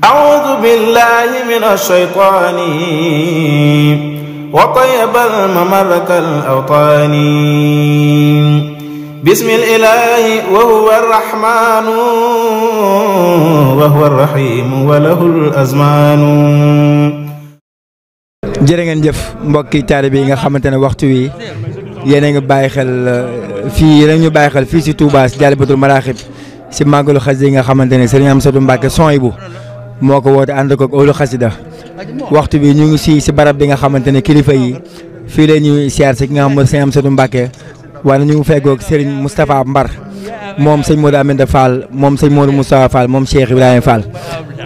أعوذ بالله من الشيطان وطيب الممرك الأوطان بسم الإله وهو الرحمن وهو الرحيم وله الأزمان جرين جف مبكي تاربين خامتنا وقتوي ينين بايخل في رنيو بايخل في سي توباس المراخب سي ماغلو خزين خامتنا سرين أمسدو مباكي سون moo ko woote ànd ko óolu xasida waxtu bi ñu ngi si si barab bi nga xamante ne kilifa yi fii la ñuy siyaar si ki nga xam ne sëñ Amsatu Mbàkke wala ñu ngi feggoog Serigne Moustapha Mbar moom sëñ Modou Aminta Fall moom sëñ Modou Moustapha Fall moom Cheikh Ibrahima Fall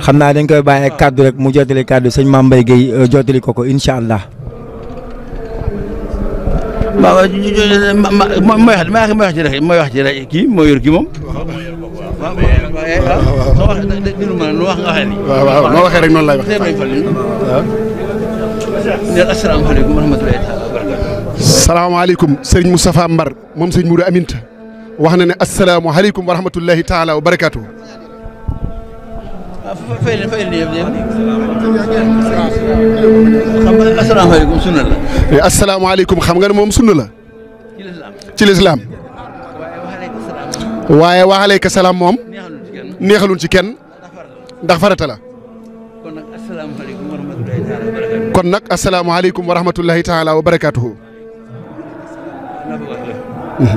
xam naa dañ koy bàyyi ak kàddu rek mu jottali kàddu sëñ Mame Mbaye Guèye jottali ko ko incha allah. waaw waaw ñu ma moo Eh, waaw wax dëgg ma nu wax nga waxee nii. waaw waaw noo waxee rek noonu laay waxee. waaw. neel asalaamaaleykum wa rahmatulahi taala wa barakatu. salaamaaleykum Serigne Moustapha Mbar moom Serigne Mourou Aminta wax na ne asalaamaaleykum wa rahmatulahi taala wa barakatu. ah fay fay xam nga asalaamaaleykum sunna la. Eh, asalaamaaleykum xam nga ne moom sunna la. ci lislaam ci lislaam. waaye waaleykum salaam moom. neexaluñ ci kenn ndax farata la. kon nag asalaamaaleykum wa rahmatulahi taala wa barakaatuhu. wa rahmatulahi wa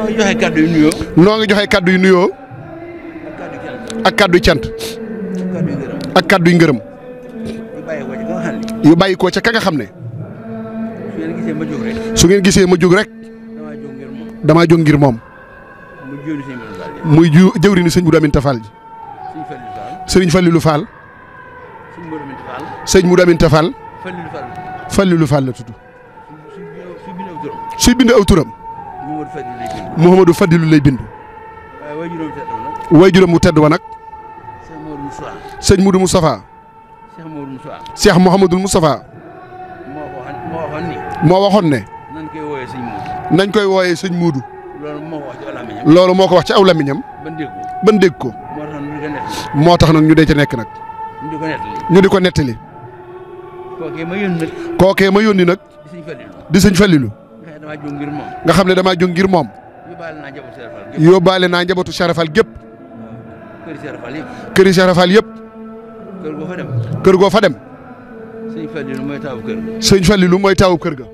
barakaatuhu. joxe kàddu yu nuyoo. noo joxe kàddu yu nuyoo. ak kàddu cant. ak yu ngërëm. yu bàyyi ko ca ka nga xam ne. su ngeen gisee ma jóg rek. dama jóg ngir jóg ngir moom. muy ju jëwriñu sëñ Modou Aminta Fall ji. sëriñ Fallilou Fall. sëñ Modou Aminta Fall. Fallilou Fall la tudd. suy bind aw turam. Mouhamadou Fadilou lay bind. way juróom wu tedd wa nag. sëñ Modou Moustapha. Cheikh Mouhamadou Moustapha. moo waxoon ne. nañ koy wooyee sëñ Modou. nañ sëñ loolu moo ko wax ci aw lamiñam ban dégg ko moo tax nag ñu dee ci nekk nag ñu di ko nettali kookee ma yónni nag di sëñ Fallilu nga xam ne damaa jóg ngir moom yóbbaale naa njabootu Sarafal gépp këri Sarafal yëpp kër goo fa dem sëñ Fallilu mooy taawu kër ga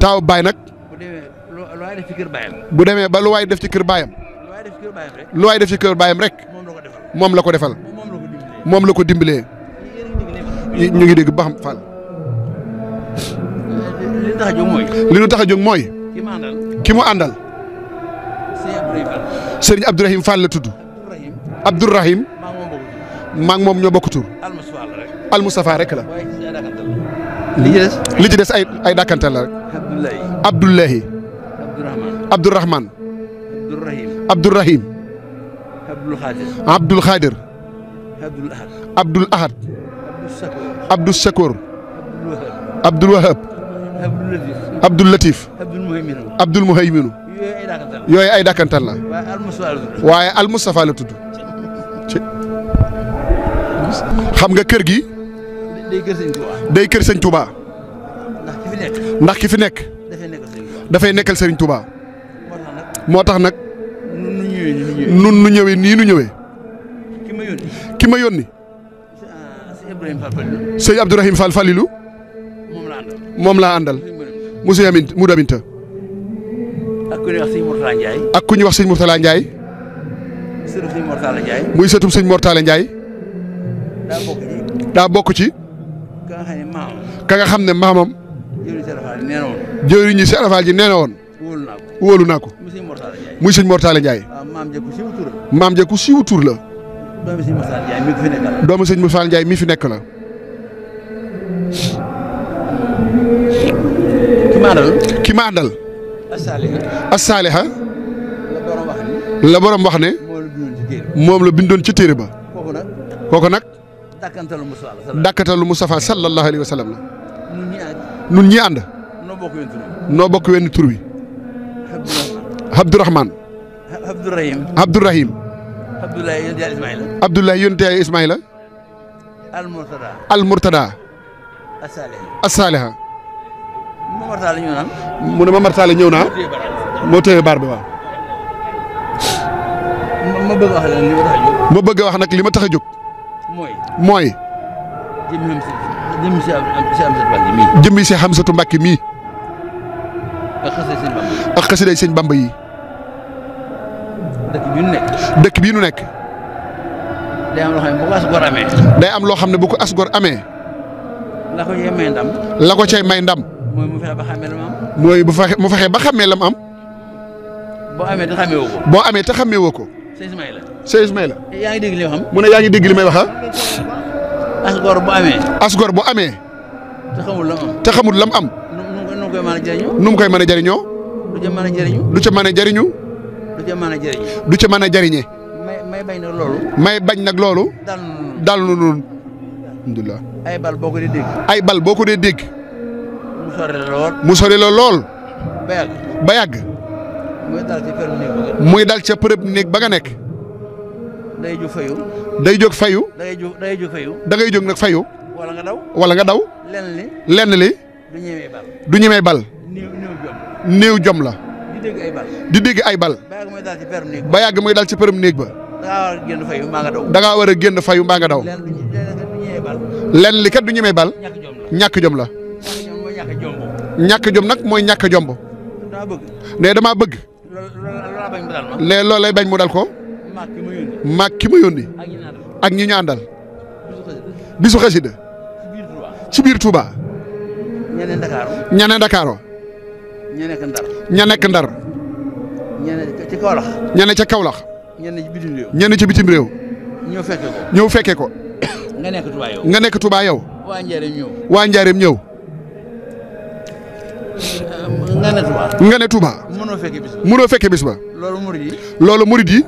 taawu baay nag waay def ci kër bu demee ba lu waay def ci kër baayam. lu waay def ci kër baayam rek. lu waay def moom la ko defal moom la ko dimbalee. ñu ngi dégg ba xam li ñu tax a jóg mooy. ki mu àndal ki mu àndal. sëriñ la tudd. Abdourahim. maa ngi moom ñoo bokk tur. rek la. li ci des ay ay la rek. Abdoulaye. Abdourahman Abdourahim Abdoul Khadir Abdoul Ahad Abdou Sakoor Abdoul Wahab yooyu ay dàkkantal la waaye Al Moustapha la tudd xam nga kër gi day kër sëñ ndax ki fi nekk dafay nekkal Serigne Touba moo tax nag nun nu ñëwee nii nu ñëwe ki ma yónni sëñ Abdourahim Fall moom laa àndal monsieur Yamin Moudou Aminta ak ku ñuy wax sëñ Mourtala Ndiaye ak ku ñuy wax sëñ Mourtala Ndiaye muy sëtum sëñ Mourtala Ndiaye daa bokk ci ka nga xam ne maamam jëwriñu Cheikh Ibra Fall ji nee na woon. wóolu ko wóolu naa ko. muy sëñ Mortale Ndiaye. maam ja ku siiw tur la. doomu sëñ Mortale Ndiaye mi fi nekk la. doomu sëñ Mortale Ndiaye mi la. ki ma àndal. ki ma àndal. Assaaliha. la borom wax ne. moom la bindoon ci téere ba. kooku nag. dàkkantalu Mustafa sallallahu alayhi wa sallam la. nun ñi ànd noo bokk wenn tur wi Abdourahman Abdourahim Abdourahim Abdoulaye yonent Yàlla Ismaïla Al Murtada As Saliha mu ne Momar Talla ñëw naa moo téye baar bi waaw ma bëgg wax nag li ma tax a jóg mooy jëmmi see xam si Hamsatu Mbàkke mii. ak xasiday sëñ Bamba yi. dëkk bi nu nekk. dëkk bii nu nekk. day am loo xam ne bu ko as amee. day am loo xam ne bu ko as gor amee. la ko cay may ndam. ba xamee lam am. mooy bu fexe mu fexe ba xamee lam am. boo amee te xamee woo ko. boo amee te xamee woo ko. Sëñ Ismaïla. mu ne yaa ngi dégg li may wax ah? asgor bu amee. asgor bu amee. te xamul lam am. xamul lam am. nu mu koy mën a nu koy mën a jëriñoo. du ca mën a du ca mën a jëriñu. du ca mën a du ca mën a jëriñee. may may bañ nag loolu. nag loolu. dal nu dal ay bal boo ko dee dégg. ay bal boo ko dee dégg. mu sori lool. mu sori lool. yàgg. ba yàgg. muy dal ca përëb néeg ba nga nekk. day jóg fayu. day jóg fayu. day jóg day jóg fayu. da ngay jóg nag fayu. wala nga daw wala nga daw. lenn li lenn li. du ñemee bal. du ñemee bal. néew néew jom la. di dégg ay bal. di dégg ay bal. ba yàgg muy dal ci përëm néeg ba. da ngaa war a génn fayu mbaa nga daw. da ngaa war a génn fayu mbaa nga daw. lenn li kat du ñemee bal. ñàkk jom la ñàkk jom la. ñàkk jom nag mooy ñàkk jomb. ne damaa bëgg. loolu lay bañ mu dal ko. maag ki ma yónni ak ñi ñu àndal bisu xasida ci biir tuba ña ne Ndakaaru ña ne Ndakaaru ña nekk Ndar ña nekk Ndar ca Kaolack ña ci bitim réew ña ne ci bitim réew ñëw fekkee ko ñëw nga nekk Touba yow nga nekk Touba waa Njaareem ñëw nga ne Touba nga ne Touba mënoo fekkee bis loolu murid yi loolu murid yi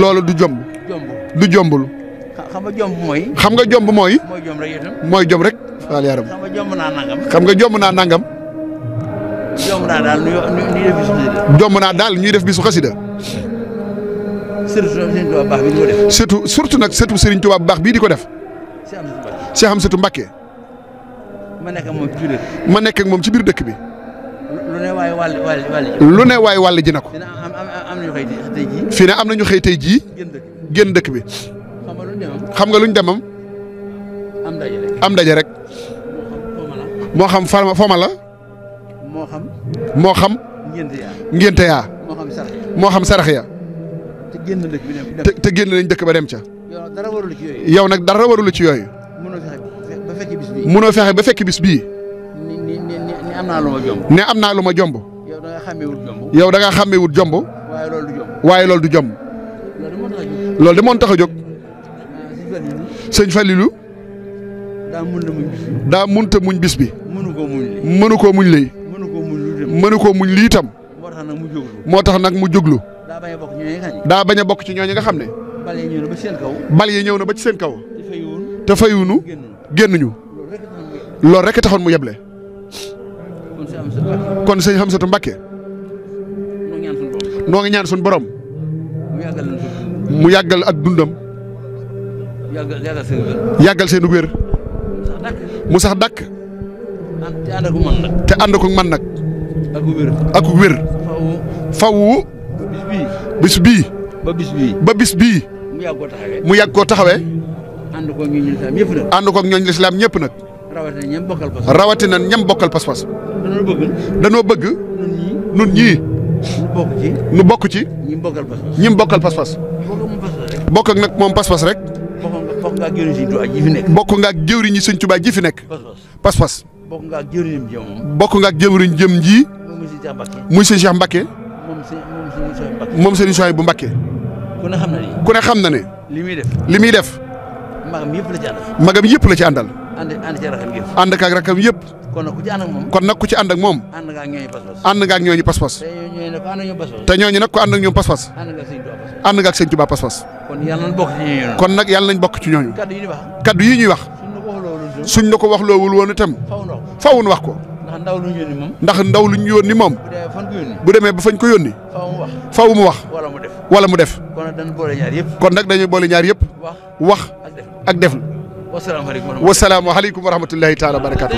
loolu du jomb. du jombul. xam nga jomb mooy. xam nga jomb mooy. mooy jomb rek itam. mooy jomb rek. waaw yaram xam nga jomb naa nangam. xam nga jomb naa nangam. jomb naa daal ñuy def bisu xasida. jomb naa daal ñuy def bisu xasida. surtout surtout nag surtout Serigne Touba bu baax bii di ko def. Cheikh Hamsatou Mbacké. ma nekk ak moom ci biir dëkk bi. lu ne waay wàll wàll ne waay wàll ji na ko. fii ne am na ñu xëy tey jii. génn dëkk bi. xam nga luñ demam. am ndaje rek moo xam fama fama la. moo xam. moo xam. ngénte moo xam sarax ya moo te génn dëkk bi dëkk ba dem ca. yow nag dara warul ci yooyu. yow nag dara warul ci yooyu. munoo fexe ba ba fekk bis bii. am ma jomb. ne am naa lu ma jomb. yow da nga xàmmee wut jomb. yow waaye loolu du jomb. waaye loolu du jomb. tax a jóg. Ah, sëñ Falilou. daa mun a muñ bis bi. daa munta muñ bis bi. koo muñ lii. mënu koo koo muñ lii itam. moo tax nag mu jóglu. moo tax nag mu jóglu. daa bañ a bokk ci ñooñu nga xam ne. daa bal yi ñëw na ba ci seen kaw. bal yi ñëw seen kaw. te fayuwunu. génnuñu génnuñu. loolu rek taxoon mu yeble kon sëñ Amsatou Mbacké noo ngi ñaan suñu borom mu yàggal ak dundam yàggal seen wér mu sax dàkk te ànd ko man nag ak wér faw bis bii ba bis bii mu yàgg koo taxawee ànd koog ñooñu lislaam ñëpp nag rawatina ñam bokkal pas-pas rawatina ñam bokkal pas-pas. danoo bëgg. danoo bëgg. nun ñii. nu bokk ci. ñi bokkal pas-pas bokkal pas-pas. bokk ak moom pas-pas rek. bokk nga ak jëwriñ Sëñ ji fi nekk. bokk nga ak jëwriñ pas-pas. bokk nga ak jëwriñam jëm moom. bokk jëwriñ ji. muy Sëñ Cheikh Mbacké. moom Sëñ Cheikh bu Mbacké. ku ne xam na ne. ku xam na ne. li muy def li muy def. magam yëpp la ci àndal. yëpp la ci àndal. ànd ànd ci rakam yëpp. ànd kaag rakam yëpp. kon nag ku ci ànd ak moom. kon nag ku ci ànd ak moom. ànd ñooñu pas-pas. te ñooñu nag ku ànd ak pas-pas. te ñooñu nag ku pas-pas. kon nag yàlla nañ bokk ci ñooñu. kaddu yi ñuy wax. suñ la ko wax loowul woon itam. wax ko. ndax ndaw lu ñu yónni moom. ndax bu demee ba fañ ko yónni. faaw mu wax faaw mu wax. wala mu def. kon nag dañuy boole ñaar yëpp. wax ak def wasalaamaaleykum wa rahmatulahi taala barakatu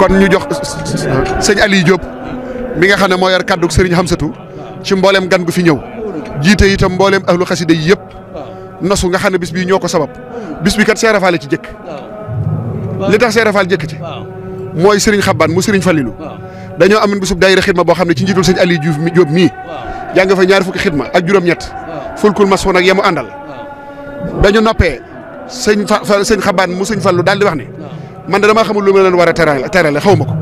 kon ñu jox sëñ ali Diop mi nga xam ne moo yor kaddu sëriñ Hamsatu ci mboolem gan gu fi ñëw jiite itam mboolem ahlu xasida yi yëpp nosu nga xam ne bis bii ñoo ko sabab bis bi kat Cheikh Rafal ci jëkk li tax ci mooy sëriñ Xabbaan mu sëriñ Falilu dañoo amoon bisub daayira xidma boo xam ne ci njiitul sëñ Aliou Diouf mi Diop fa ñaar fukki xidma ak juróom-ñett fulkul masoon ak yemu àndal ba ñu noppee sëñ fa sëñ xabaan mu sëñ fallu daal di wax ni man de damaa xamul lu ma leen war a terale terale xaw ma ko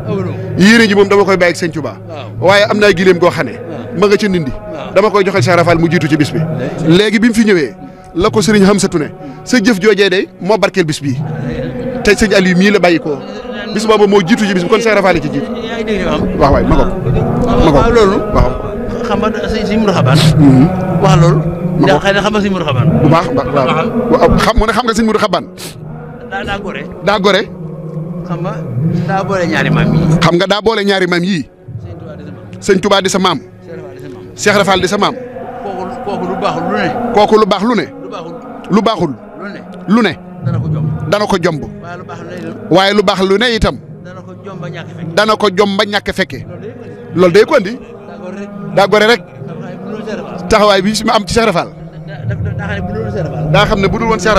yéene ji moom dama koy bàyyi ak sëñ Tuubaa waaye am naa giléem goo xam ne ma nga ca nindi dama koy joxe Cheikh Rafal mu jiitu ci bis bi léegi bi mu fi ñëwee la ko sëriñ Hamsatu ne sa jëf joojee day moo barkeel bis bii te sëñ Aliou mii la bàyyi koo bis boobu moo jiitu ci bis bi kon Cheikh Rafal ci jiitu waaw waay ma ko ma ko loolu waaw xam nga sëñ Mourou ndax xëy na xam nga sëñ Modou Xabaan. baax waaw ne xam nga si Modou Xabaan. daa daa gore. daa gore. xam nga daa boole ñaari maam yii. xam nga di sa maam. Cheikh Rafal di sa maam. kooku lu baaxul lu ne. lu baax lu ne. lu baaxul. lu ne. dana ko jomb. dana ko waaye lu baax lu ne itam. dana ko jomba ñàkk fekke. dana loolu day ko daa gore rek. taxawaay bi mu am ci Cheikh daa xam ne bu dul woon Cheikh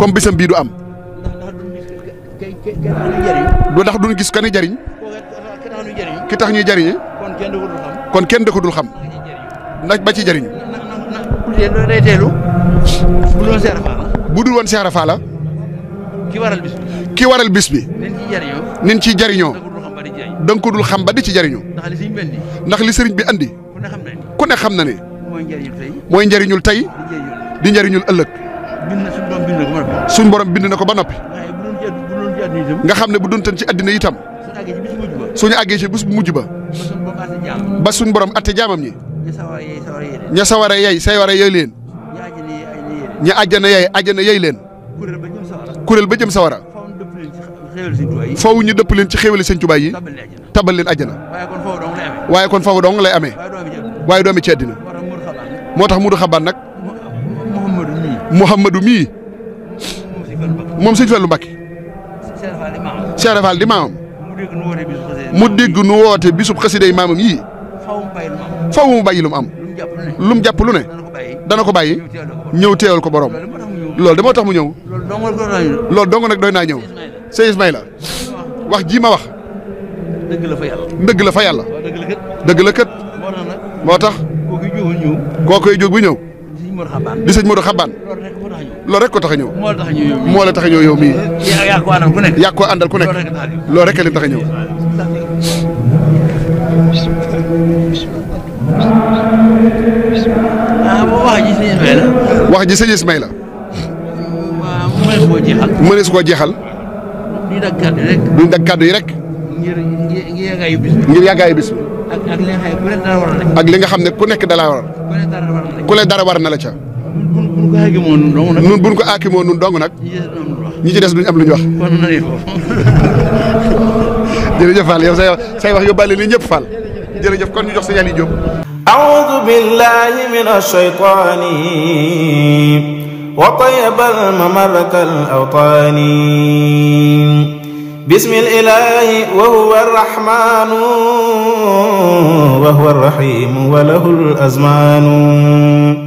kon bisam bii du am. comme ndax duñ gis kan jariñ. ki tax ñuy jariñe kon kenn da xam. ndax ba ci jariñ. bu dul woon Cheikh Ibra Fall. ki waral bis bi. ki nin ciy jariñoo. da nga ko dul xam ba di ci jariñoo. ndax li sëriñ bi andi. ku xam na ne. mooy njëriñul mooy njëriñul tey di ëllëg. suñ borom bind na ko ba noppi. xam ne bu duntan ci àddina itam. suñu àggee bu mujj ba. ba suñ borom atte jaamam ñi. ña sawara say wara yey leen. ña àjjana yey àjjana yey leen. kuréel ba jëm sawara. dëpp leen ci xéewali sëñ waaye kon foofu dong lay amee. waaye doomi ceddi na moo tax mu mudu xaban nag Mouhamadou mii moom sëñ Fallu Mbakke Cheikh Fall di maamam mu dégg nu woote bisub xasiday maamam yii faw mu bàyyi lu am lu mu jàpp lu ne dana ko bàyyi ñëw teewal ko borom loolu de moo tax mu ñëw loolu dong nag doy naa ñëw sëñ Ismaïla wax jii ma wax dëgg yàlla dëgg la fa yàlla dëgg la kët moo tax. kooku jóg ñëw. kooku jóg bu ñëw. di sëñ Modou Xabaan. loolu rek ko tax a ñëw. moo la tax a ñëw yow mii. yaa ko àndal ku nekk. yaa ko àndal ku nekk loolu rek a leen tax a ñëw. Ah, koo jeexal. duñ dag rek. ak li nga xam ne ku nekk dara war ku ne dara war na la ca. nun buñ ko aakimoo nun dong nag. ñi ci des duñ am lu ñu wax. jërëjëf Fall yow say wax say wax yóbbaale li ñëpp Fall jërëjëf kon ñu jox sa yàlla yi jóg. أعوذ بالله من الشيطان وطيب المملكة الأوطاني بسم الإله وهو الرحمن وهو الرحيم وله الأزمان